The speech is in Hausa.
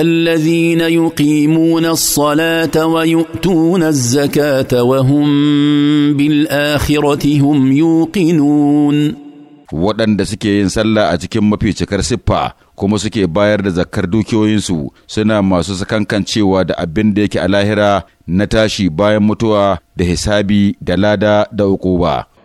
الذين يقيمون الصلاه ويؤتون الزكاه وهم بالاخره هم يوقنون waɗanda suke yin sallah a cikin mafi cikar siffa kuma suke bayar da zakkar dukiyoyinsu suna masu sakankancewa da abin da yake a lahira na tashi bayan mutuwa da hisabi da lada da ukuba.